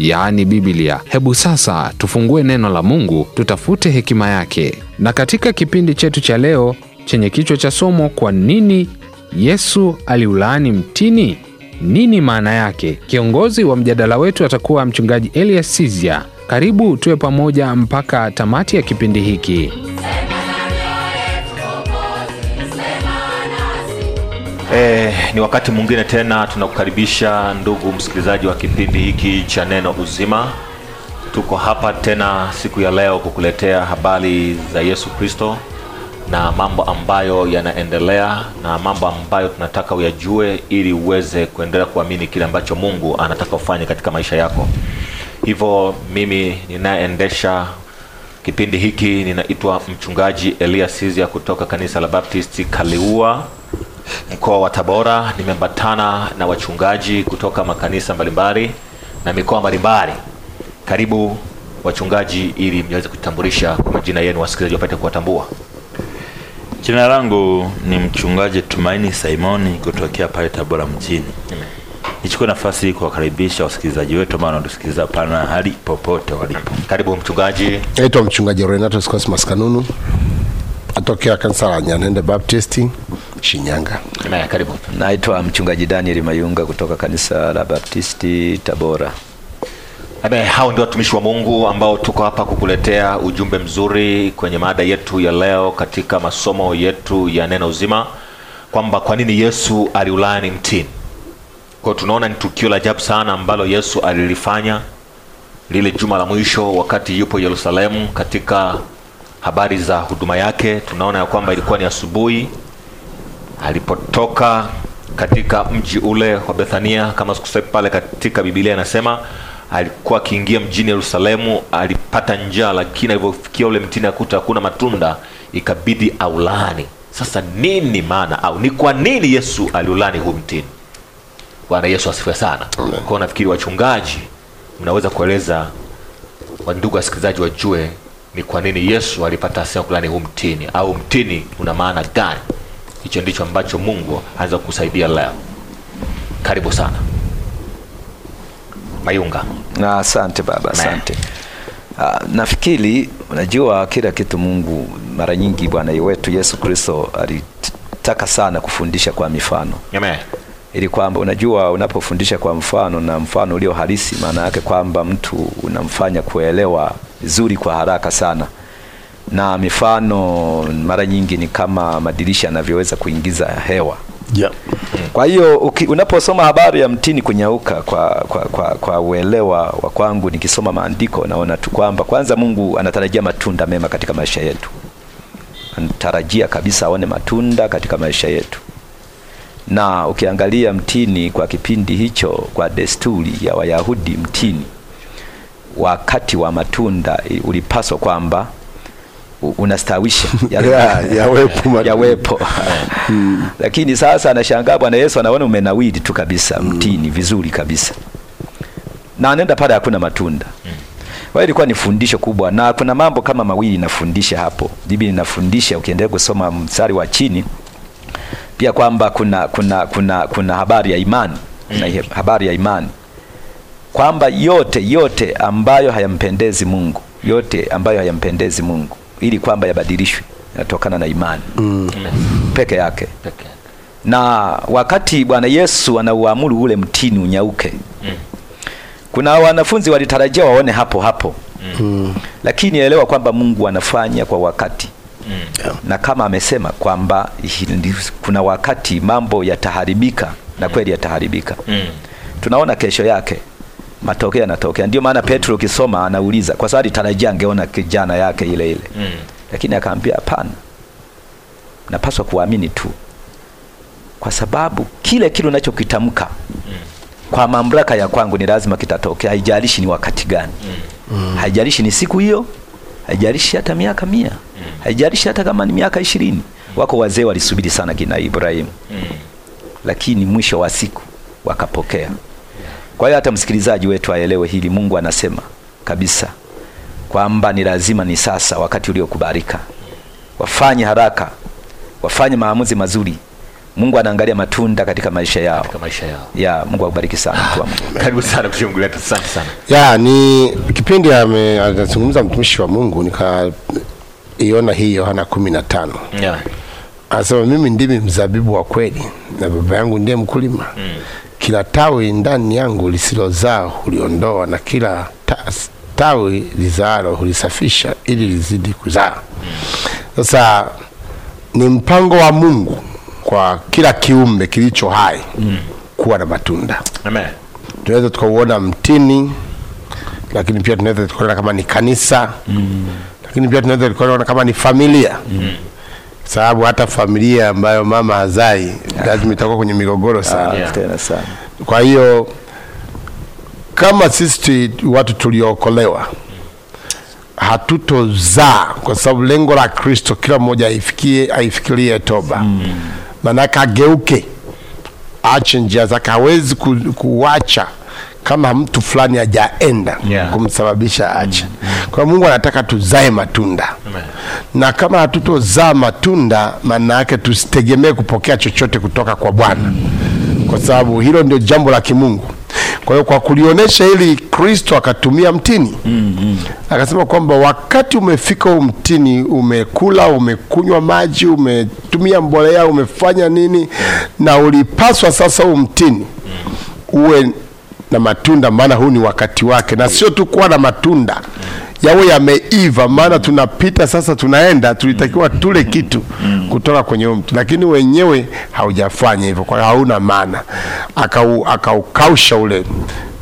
yaani Biblia. Hebu sasa tufungue neno la Mungu, tutafute hekima yake. Na katika kipindi chetu cha leo chenye kichwa cha somo, kwa nini Yesu aliulaani mtini? Nini maana yake? Kiongozi wa mjadala wetu atakuwa Mchungaji Elias Sizia. Karibu tuwe pamoja mpaka tamati ya kipindi hiki. E, ni wakati mwingine tena tunakukaribisha ndugu msikilizaji wa kipindi hiki cha Neno Uzima. Tuko hapa tena siku ya leo kukuletea habari za Yesu Kristo na mambo ambayo yanaendelea na mambo ambayo tunataka uyajue ili uweze kuendelea kuamini kile ambacho Mungu anataka ufanye katika maisha yako. Hivyo mimi ninaendesha kipindi hiki ninaitwa mchungaji Elias Sizia kutoka kanisa la Baptisti Kaliua mkoa wa Tabora, nimeambatana na wachungaji kutoka makanisa mbalimbali na mikoa mbalimbali. Karibu wachungaji, ili mniweze kujitambulisha kwa majina yenu, wasikilizaji wapate kuwatambua. Jina langu ni mchungaji Tumaini Simoni kutokea pale Tabora mjini. Nichukue nafasi hii kuwakaribisha wasikilizaji wetu ambao wanatusikiliza pana hali popote walipo. Karibu mchungaji. Naitwa mchungaji Renato Cosmas Kanunu atokea kanisa la Nyanende Baptisti Shinyanga. Naya, karibu. Naitwa mchungaji Daniel Mayunga kutoka kanisa la Baptisti Tabora. Abe, hao ndio watumishi wa Mungu ambao tuko hapa kukuletea ujumbe mzuri kwenye mada yetu ya leo katika masomo yetu ya neno uzima kwamba kwa nini Yesu aliulaani mtini. Kwa tunaona ni tukio la ajabu sana ambalo Yesu alilifanya lile juma la mwisho wakati yupo Yerusalemu katika habari za huduma yake. Tunaona ya kwamba ilikuwa ni asubuhi alipotoka katika mji ule wa Bethania, kama sikusema pale katika Biblia inasema alikuwa akiingia mjini Yerusalemu, alipata njaa, lakini alivyofikia ule mtini akuta hakuna matunda, ikabidi aulani. Sasa nini maana au ni kwa nini Yesu aliulani huu mtini? Bwana Yesu asifiwe sana. Kwa nafikiri wachungaji, mnaweza kueleza wandugu wasikilizaji wajue ni kwa nini Yesu alipata hasira kulani huu mtini, au mtini una maana gani? Hicho ndicho ambacho Mungu anaweza kusaidia leo. Karibu sana Mayunga. Na asante baba, asante. Ah, nafikiri unajua kila kitu Mungu mara nyingi Bwana wetu Yesu Kristo alitaka sana kufundisha kwa mifano. Amen. Ili kwamba unajua unapofundisha kwa mfano na mfano ulio halisi, maana yake kwamba mtu unamfanya kuelewa vizuri kwa haraka sana na mifano mara nyingi ni kama madirisha yanavyoweza kuingiza hewa yeah. Kwa hiyo unaposoma habari ya mtini kunyauka, kwa kwa, kwa, kwa uelewa wa kwangu nikisoma maandiko naona tu kwamba kwanza Mungu anatarajia matunda mema katika maisha yetu, anatarajia kabisa aone matunda katika maisha yetu na ukiangalia mtini kwa kipindi hicho, kwa desturi ya Wayahudi, mtini wakati wa matunda ulipaswa kwamba unastawisha yaani, yawepo ya yawepo mm. Lakini sasa anashangaa Bwana Yesu anaona umenawiri tu kabisa mtini mm. vizuri kabisa na anaenda pale hakuna matunda mm. Kwa ilikuwa ni fundisho kubwa, na kuna mambo kama mawili nafundisha hapo. Biblia inafundisha ukiendelea kusoma mstari wa chini pia kwamba kuna, kuna, kuna, kuna habari ya imani mm. na habari ya imani kwamba yote yote ambayo hayampendezi Mungu, yote ambayo hayampendezi Mungu ili kwamba yabadilishwe yanatokana na imani mm. peke yake peke. Na wakati Bwana Yesu anauamuru ule mtini unyauke mm. kuna wanafunzi walitarajia waone hapo hapo mm. lakini elewa kwamba Mungu anafanya kwa wakati mm. na kama amesema kwamba kuna wakati mambo yataharibika na mm. kweli yataharibika mm. tunaona kesho yake matokeo yanatokea. Ndio maana Petro ukisoma anauliza, kwa sababu alitarajia angeona kijana yake ile ile mm. Lakini akaambia hapana, napaswa kuamini tu, kwa sababu kile kile unachokitamka mm. kwa mamlaka ya kwangu ni lazima kitatokea, haijalishi ni wakati gani mm. mm. haijalishi ni siku hiyo, haijalishi hata miaka mia mm. haijalishi hata kama ni miaka ishirini mm. Wako wazee walisubiri sana kina Ibrahimu mm. lakini mwisho wa siku wakapokea. Kwa hiyo hata msikilizaji wetu aelewe hili, Mungu anasema kabisa kwamba ni lazima ni sasa, wakati uliokubalika, wafanye haraka, wafanye maamuzi mazuri. Mungu anaangalia matunda katika maisha yao, katika maisha yao. Ya, Mungu akubariki sana mtu wa Mungu. Karibu sana kwa Mungu sana sana. Ya, ni kipindi anazungumza mtumishi wa Mungu nikaiona hii Yohana 15. Yeah. Anasema mimi ndimi mzabibu wa kweli na baba yangu ndiye mkulima. Mm kila tawi ndani yangu lisilozaa huliondoa na kila ta, tawi lizaalo hulisafisha ili lizidi kuzaa. Sasa ni mpango wa Mungu kwa kila kiumbe kilicho hai mm. kuwa na matunda. Amen. Tunaweza tukauona mtini, lakini pia tunaweza tukaona kama ni kanisa mm. lakini pia tunaweza tukaona kama ni familia mm sababu hata familia ambayo mama hazai lazima itakuwa kwenye migogoro sana. Yeah. Tena sana. Kwa hiyo kama sisi watu tuliokolewa hatutozaa, kwa sababu lengo la Kristo kila mmoja aifikie, aifikirie toba mm. Manaka ageuke, ache njia zake, hawezi ku, kuacha kama mtu fulani hajaenda yeah. kumsababisha acha mm. Kwa Mungu anataka tuzae matunda Amen. Na kama hatutozaa matunda, maana yake tusitegemee kupokea chochote kutoka kwa Bwana, kwa sababu hilo ndio jambo la kimungu. Kwa hiyo kwa kulionyesha hili, Kristo akatumia mtini mm, hmm Akasema kwamba wakati umefika, huu mtini umekula, umekunywa maji, umetumia mbolea, umefanya nini, na ulipaswa sasa huu mtini mm. uwe na matunda, maana huu ni wakati wake, na sio tu kuwa na matunda yawe yameiva, maana tunapita sasa, tunaenda tulitakiwa tule kitu kutoka kwenye mtu, lakini wenyewe haujafanya hivyo, kwa hauna maana. Akaukausha aka ule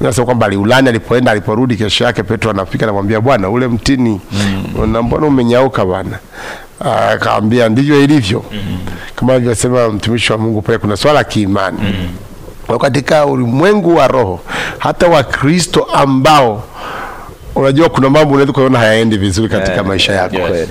Nasema kwamba aliulani, alipoenda, aliporudi, kesho yake Petro anafika anamwambia, bwana, ule mtini mm. na mbona umenyauka bwana? Akaambia ndivyo ilivyo mm. kama alivyosema mtumishi wa Mungu pale, kuna swala kiimani mm kwa katika ulimwengu wa roho, hata Wakristo ambao unajua kuna mambo unaweza kuona hayaendi vizuri katika yeah, maisha yako yes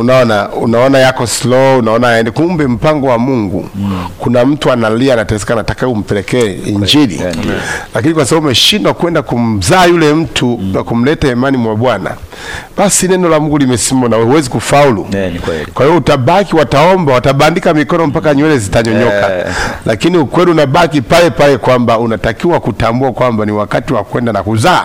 unaona unaona yako slow, unaona kumbe mpango wa Mungu mm. Kuna mtu analia anateseka, nataka umpelekee injili okay. yeah. Lakini kwa sababu umeshindwa kwenda kumzaa yule mtu mm. na kumleta imani mwa Bwana, basi neno la Mungu limesimama na huwezi kufaulu yeah. Kwa hiyo utabaki, wataomba, watabandika mikono mpaka nywele zitanyonyoka yeah. Lakini ukweli unabaki pale pale kwamba unatakiwa kutambua kwamba ni wakati wa kwenda na kuzaa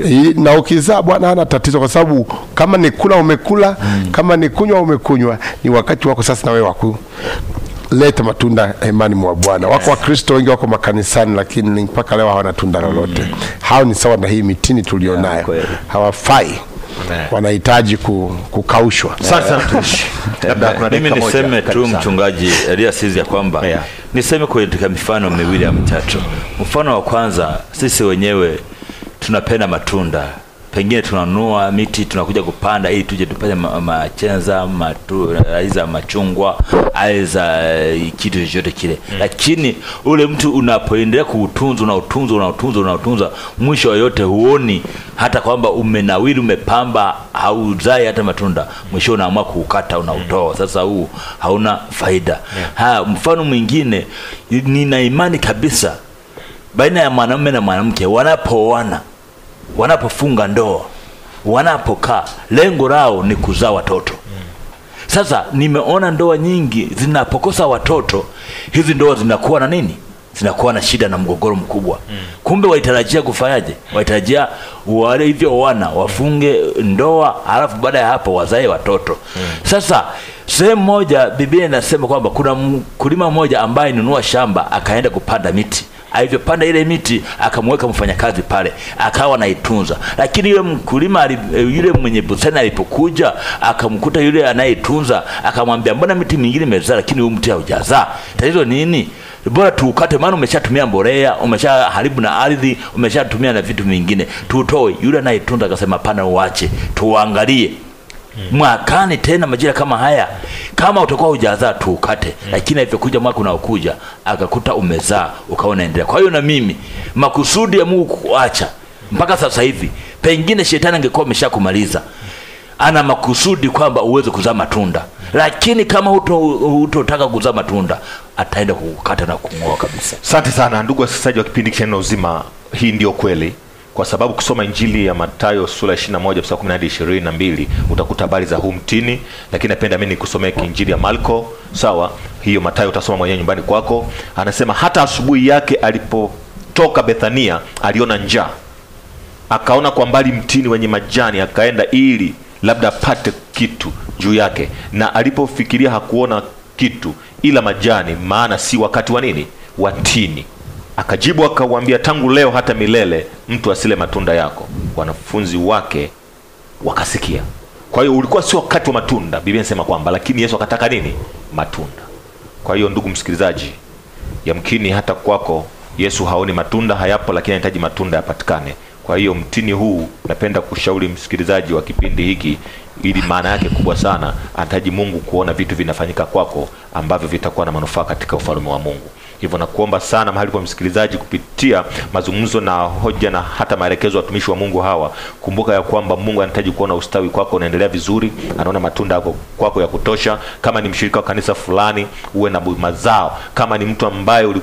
yeah. Na ukizaa Bwana hana tatizo, kwa sababu kama ni kula umekula mm. kama ni kunywa umekunywa, ni wakati wako sasa na wewe waku leta matunda hemani mwa Bwana. Yes. Wako Wakristo wengi wako makanisani, lakini mpaka leo hawana tunda mm. lolote. Mm. Hao ni sawa na hii mitini tulionayo, yeah, hawafai wanahitaji kukaushwa. Sasa mimi niseme tu mchungaji Elias ya kwamba yeah, niseme katika mifano miwili ya mitatu. Mfano wa kwanza, sisi wenyewe tunapenda matunda pengine tunanua miti tunakuja kupanda ili tuje tupate machenza ma aiza machungwa aiza eh, kitu chochote kile mm. Lakini ule mtu unapoendelea kuutunza unautunza unautunza unautunza, mwisho yoyote huoni hata kwamba umenawili umepamba, hauzai hata matunda, mwisho unaamua kuukata unautoa. Sasa huu hauna faida yeah. Ha, mfano mwingine, nina imani kabisa baina ya mwanamume na mwanamke wanapooana wanapofunga ndoa, wanapokaa, lengo lao ni kuzaa watoto. Sasa nimeona ndoa nyingi zinapokosa watoto, hizi ndoa zinakuwa na nini? Zinakuwa na shida na mgogoro mkubwa mm. Kumbe walitarajia kufanyaje? Walitarajia wale hivyo wana wafunge ndoa, halafu baada ya hapo wazae watoto mm. Sasa sehemu moja Biblia inasema kwamba kuna mkulima mmoja ambaye nunua shamba akaenda kupanda miti alivyopanda ile miti akamweka mfanyakazi pale, akawa naitunza. Lakini yule mkulima eh, yule mwenye bustani alipokuja akamkuta yule anayetunza, akamwambia mbona miti mingine imezaa, lakini huu mti haujazaa, tatizo nini? Bora tuukate, maana umeshatumia mbolea, umeshaharibu na ardhi, umeshatumia na vitu vingine, tutoe Yule anayetunza akasema, pana, uache tuangalie mm. mwakani tena majira kama haya, kama utakuwa hujazaa tu ukate mm. lakini alivyokuja mwaka unaokuja akakuta umezaa ukawa unaendelea. Kwa hiyo na mimi makusudi ya Mungu kuacha mpaka sasa hivi, pengine shetani angekuwa ameshakumaliza ana makusudi kwamba uweze kuzaa matunda, lakini kama hutotaka kuzaa matunda ataenda kukata na kung'oa kabisa. Asante sana ndugu wasikilizaji wa kipindi cha Neno Uzima, hii ndio kweli kwa sababu kusoma Injili ya Mathayo sura 21 mstari 10 hadi 22 utakuta habari za huu mtini, lakini napenda mimi nikusomee kiinjili ya Marko. Sawa, hiyo Mathayo utasoma mwenyewe nyumbani kwako. Anasema hata asubuhi yake alipotoka Bethania aliona njaa, akaona kwa mbali mtini wenye majani, akaenda ili labda apate kitu juu yake, na alipofikiria hakuona kitu ila majani, maana si wakati wa nini, watini Akajibu akauambia, tangu leo hata milele mtu asile matunda yako. Wanafunzi wake wakasikia. Kwa hiyo ulikuwa sio wakati wa matunda, Biblia inasema kwamba, lakini Yesu akataka nini? Matunda. Kwa hiyo ndugu msikilizaji, yamkini hata kwako Yesu haoni matunda, hayapo, lakini anahitaji matunda yapatikane. Kwa hiyo mtini huu napenda kushauri msikilizaji wa kipindi hiki, ili maana yake kubwa sana, anahitaji Mungu kuona vitu vinafanyika kwako ambavyo vitakuwa na manufaa katika ufalme wa Mungu. Hivyo nakuomba sana mahali pa msikilizaji, kupitia mazungumzo na hoja na hata maelekezo ya watumishi wa Mungu hawa, kumbuka ya kwamba Mungu anahitaji kuona ustawi kwako unaendelea vizuri, anaona matunda yako kwako ya kutosha. Kama ni mshirika wa kanisa fulani, uwe na mazao. Kama ni mtu ambaye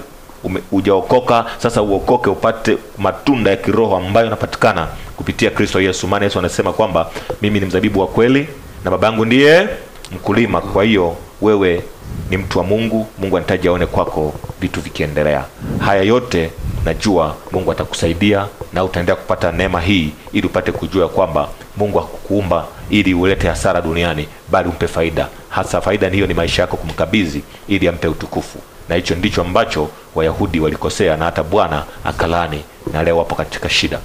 hujaokoka sasa, uokoke upate matunda ya kiroho ambayo yanapatikana kupitia Kristo Yesu, maana Yesu anasema kwamba mimi ni mzabibu wa kweli na Baba yangu ndiye mkulima. Kwa hiyo wewe ni mtu wa Mungu, Mungu anahitaji aone kwako vitu vikiendelea. Haya yote najua Mungu atakusaidia na utaendelea kupata neema hii, ili upate kujua kwamba Mungu hakukuumba ili ulete hasara duniani, bali umpe faida. Hasa faida hiyo ni maisha yako kumkabidhi, ili ampe utukufu, na hicho ndicho ambacho Wayahudi walikosea na hata Bwana akalani, na leo wapo katika shida.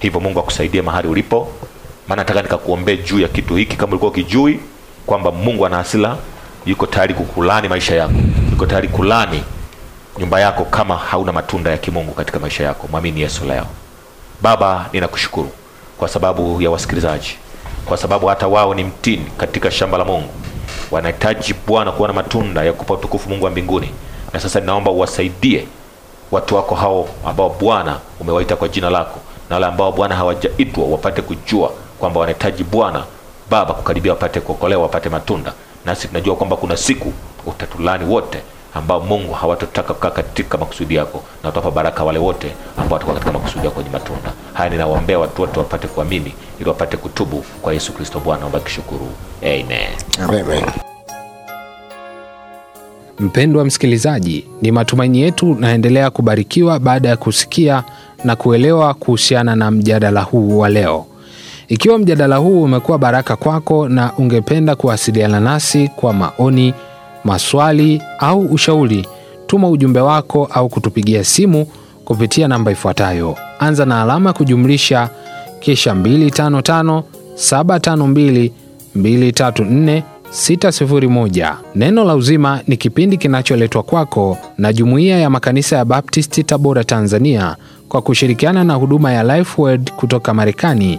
Hivyo Mungu akusaidie mahali ulipo, maana nataka nikakuombee juu ya kitu hiki, kama ulikuwa ukijui kwamba Mungu ana hasira yuko tayari kukulani maisha yako, yuko tayari kulani nyumba yako kama hauna matunda ya kimungu katika maisha yako. Mwamini Yesu leo. Baba, ninakushukuru kwa sababu ya wasikilizaji, kwa sababu hata wao ni mtini katika shamba la Mungu, wanahitaji Bwana kuona matunda ya kupa utukufu Mungu wa mbinguni. Na sasa ninaomba uwasaidie watu wako hao ambao Bwana umewaita kwa jina lako na wale ambao Bwana hawajaitwa wapate kujua kwamba wanahitaji Bwana Baba kukaribia, wapate kuokolewa, wapate matunda nasi tunajua kwamba kuna siku utatulani wote ambao Mungu hawatotaka kukaa katika makusudi yako, na utawapa baraka wale wote ambao watakuwa katika makusudi yako kwenye matunda haya. Ninawaombea watu wote wapate kuamini ili wapate kutubu kwa Yesu Kristo Bwana. Naomba kishukuru, amen. Amen. Mpendwa msikilizaji, ni matumaini yetu naendelea kubarikiwa baada ya kusikia na kuelewa kuhusiana na mjadala huu wa leo. Ikiwa mjadala huu umekuwa baraka kwako na ungependa kuwasiliana nasi kwa maoni, maswali au ushauri, tuma ujumbe wako au kutupigia simu kupitia namba ifuatayo: anza na alama kujumlisha kisha 255 Neno la Uzima ni kipindi kinacholetwa kwako na Jumuiya ya Makanisa ya Baptisti Tabora, Tanzania, kwa kushirikiana na huduma ya Lifeword kutoka Marekani